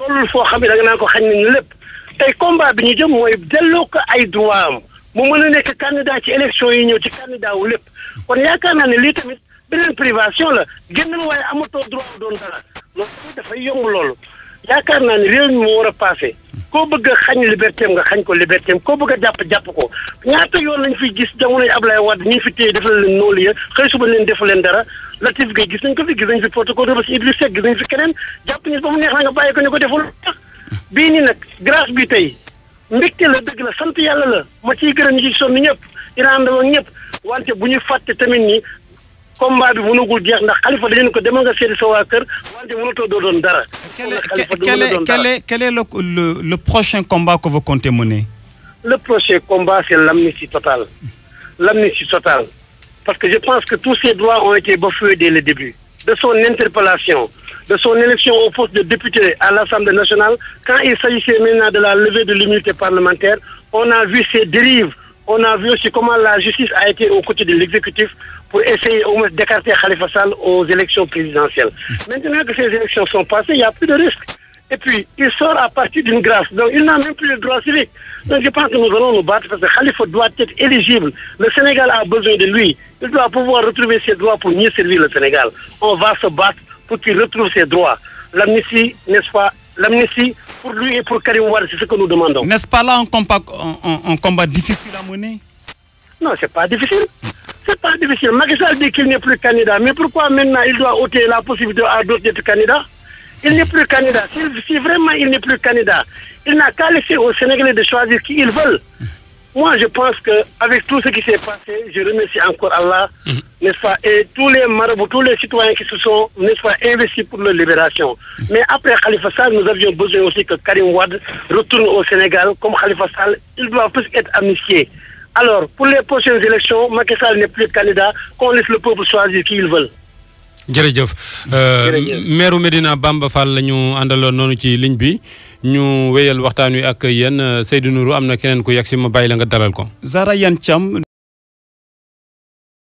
tollul foo xam ne da nga naan ko xañ nañ lépp tey combat bi ñu jëm mooy delloo ko ay droit am mu mën a nekk candidat ci élection yi ñëw ci candidat wu lépp kon yaakaar naa ne lii tamit beneen privation la génnal waaye amatoo droit doon dara loolu dafay yomb loolu yaakaar naa ne réew mi moo war a passé koo bëgg a xañ liberté nga xañ ko liberté koo bëgg a jàpp jàpp ko ñaata yoon lañ fiy gis jamonoy Ablaye Wade ñi fi téye defal leen noolu ya xëy suba leen defu leen dara Latif Gueye gis nañ ko fi gis nañ fi protocole ba si Idriss Seck gis nañ fi keneen jàpp nit ba mu neex la nga bàyyi ko ñu ko deful bii nii nag grâce bi tey mbégte la dëgg la sant yàlla la ma ciy gërëm ñi ci sonn ñëpp ina àndal ak ñëpp wante bu ñu fàtte tamit ni combat quel est le prochain combat que vous comptez mener. le prochain combat c'est l'amnistie totale l'amnistie totale parce que je pense que tous ces droits ont été bafoués dès le début de son interpellation de son élection au poste de député à l'Assemblée nationale quand il s'agissait maintenant de la levée de l'immunité parlementaire on a vu ces dérives on a vu aussi comment la justice a été aux côtés de l'exécutif pour essayer au moins d'écarter Khalifa Sall aux élections présidentielles. Hmm. Maintenant que ces élections sont passées, il n'y a plus de risque. Et puis, il sort à partir d'une grâce. Donc, il n'a même plus le droit civique. Donc, je pense que nous allons nous battre parce que Khalifa doit être éligible. Le Sénégal a besoin de lui. Il doit pouvoir retrouver ses droits pour mieux servir le Sénégal. On va se battre pour qu'il retrouve ses droits. L'amnistie, n'est-ce pas L'amnistie pour lui et pour Karim c'est ce que nous demandons. N'est-ce pas là un combat, un, combat difficile à mener Non, c'est pas difficile. C'est pas difficile. Macky dit qu'il n'est plus candidat. Mais pourquoi maintenant il doit ôter la possibilité à d'autres d'être candidat Il n'est plus candidat. Si, si vraiment il n'est plus candidat, il n'a qu'à laisser aux Sénégalais de choisir qui ils veulent. Moi, je pense qu'avec tout ce qui s'est passé, je remercie encore Allah, mhm. n'est-ce pas, et tous les marabouts, tous les citoyens qui se sont, n'est-ce pas, investis pour leur libération. Mhm. Mais après Khalifa Sall, nous avions besoin aussi que Karim Wad retourne au Sénégal. Comme Khalifa Sall, il doit plus être amnistié. Alors, pour les prochaines élections, Macky Sall n'est plus candidat, qu'on laisse le peuple choisir qui ils veulent. Djeridjof, euh, maire Medina Bamba Fall nous ligne ñu wéyal waxtaan wi ak yéen Seydou Nourou am na keneen ku yegg si ma bàyyi la nga dalal ko. Zahra Iyane Thiam